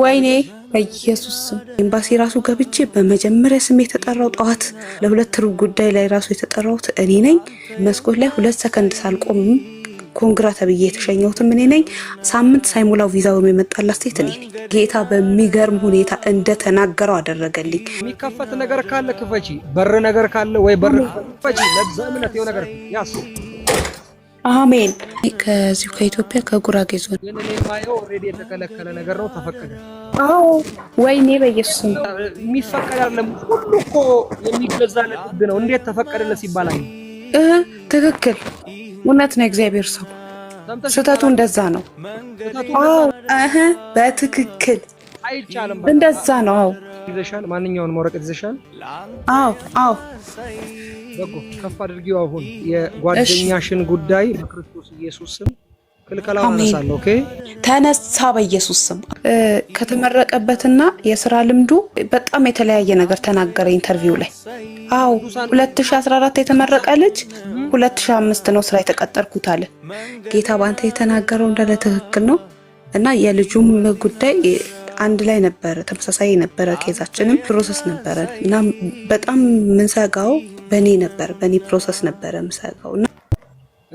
ወይኔ በኢየሱስ ኤምባሲ ራሱ ገብቼ በመጀመሪያ ስም የተጠራው ጠዋት ለሁለት ሩብ ጉዳይ ላይ ራሱ የተጠራውት እኔ ነኝ። መስኮት ላይ ሁለት ሰከንድ ሳልቆም ኮንግራ ተብዬ የተሸኘሁትም እኔ ነኝ። ሳምንት ሳይሞላው ቪዛው የመጣላት ሴት እኔ ነኝ። ጌታ በሚገርም ሁኔታ እንደተናገረው አደረገልኝ። የሚከፈት ነገር ካለ ክፈቺ፣ በር ነገር ካለ ወይ በር ክፈቺ። ለዛ እምነት ነገር ያስ አሜን። ከዚሁ ከኢትዮጵያ ከጉራጌ ዞን የተከለከለ ነገር ነው ተፈቀደ። አዎ ወይኔ በኢየሱስ የሚፈቀድ አይደለም። ሁሉ እኮ የሚገዛለት ህግ ነው። እንዴት ተፈቀደለት ሲባላል? አይ ትክክል እውነት ነው። እግዚአብሔር ሰው ስህተቱ እንደዛ ነው። አዎ በትክክል እንደዛ ነው። አዎ ይዘሻል? ማንኛውን ወረቀት ይዘሻል? አዎ አዎ። በጎ ከፍ አድርጊው። አሁን የጓደኛሽን ጉዳይ በክርስቶስ ኢየሱስ ስም አነሳለሁ። ኦኬ ተነሳ፣ በኢየሱስ ስም። ከተመረቀበትና የስራ ልምዱ በጣም የተለያየ ነገር ተናገረ ኢንተርቪው ላይ። አዎ 2014 የተመረቀ ልጅ 2005 ነው ስራ የተቀጠርኩት አለ። ጌታ ባንተ የተናገረው እንዳለ ትክክል ነው እና የልጁም ጉዳይ አንድ ላይ ነበረ፣ ተመሳሳይ ነበረ። ኬዛችንም ፕሮሰስ ነበረ እና በጣም ምንሰጋው በእኔ ነበር፣ በእኔ ፕሮሰስ ነበረ ምሰጋው።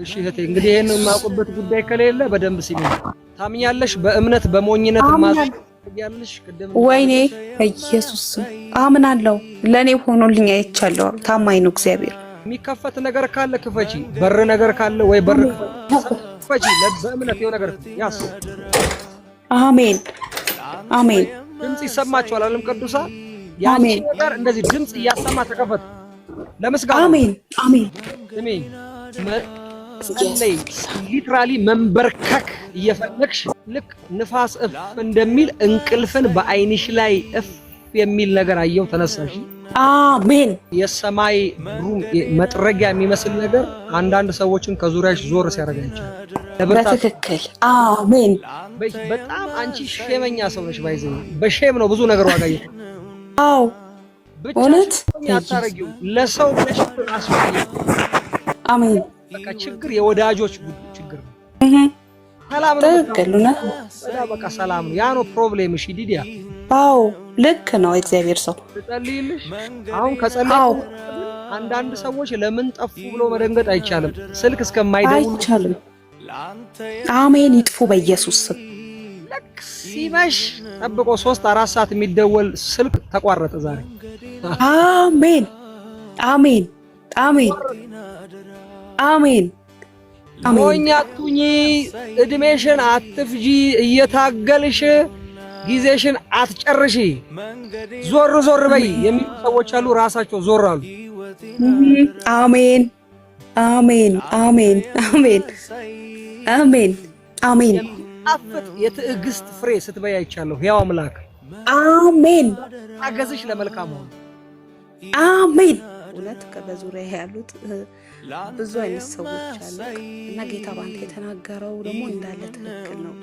እሺ እህቴ እንግዲህ ይህን የማውቁበት ጉዳይ ከሌለ በደንብ ሲሚ ታምኛለሽ። በእምነት በሞኝነት ማያለሽ። ወይኔ በኢየሱስ አምናለሁ፣ ለእኔ ሆኖልኝ አይቻለሁ። ታማኝ ነው እግዚአብሔር። የሚከፈት ነገር ካለ ክፈቺ፣ በር ነገር ካለ ወይ በር ክፈቺ፣ በእምነት የሆነ ነገር ያስ አሜን አሜን። ድምፅ ይሰማችኋል አለም ቅዱሳ ያሜን ነገር እንደዚህ ድምፅ እያሰማ ተከፈቱ። ለምስጋና አሜን፣ አሜን፣ አሜን። ሊትራሊ መንበርከክ እየፈለግሽ ልክ ንፋስ እፍ እንደሚል እንቅልፍን በአይንሽ ላይ እፍ የሚል ነገር አየው። ተነሳሽ። አሜን። የሰማይ ሩም መጥረጊያ የሚመስል ነገር አንዳንድ ሰዎችን ከዙሪያሽ ዞር ሲያደርጋቸው በትክክል አሜን። በጣም አንቺ ሼመኛ ሰው ነሽ። ባይዘ በሼም ነው ብዙ ነገር ዋጋ ይፈ አዎ፣ እውነት ያታረጊው ለሰው ብለሽ አስፈልግ። አሜን። በቃ ችግር የወዳጆች ችግር ነው። ሰላም ነው በቃ ሰላም ነው። ያ ነው ፕሮብሌም። እሺ ዲዲያ፣ አዎ ልክ ነው። እግዚአብሔር ሰው ትጸልይልሽ። አሁን ከጸለይ አንዳንድ ሰዎች ለምን ጠፉ ብሎ መደንገጥ አይቻልም። ስልክ እስከማይደውል አይቻልም። አሜን። ይጥፉ በኢየሱስ ስም። ልክ ሲመሽ ጠብቆ ሶስት አራት ሰዓት የሚደወል ስልክ ተቋረጠ። ዛሬ አሜን አሜን አሜን አሜን። ሞኝ አትሁኚ፣ እድሜሽን አትፍጂ፣ እየታገልሽ ጊዜሽን አትጨርሺ። ዞር ዞር በይ የሚሉ ሰዎች አሉ፣ ራሳቸው ዞር አሉ። አሜን አሜን አሜን አሜን አሜን አሜን የሚጣፍጥ የትዕግስት ፍሬ ስትበይ አይቻለሁ። ያው አምላክ አሜን። አገዝሽ ለመልካም ሆነ አሜን። እውነት በዙሪያ ያሉት ብዙ አይነት ሰዎች አሉ እና ጌታ ባንተ የተናገረው ደግሞ እንዳለ ትክክል ነው።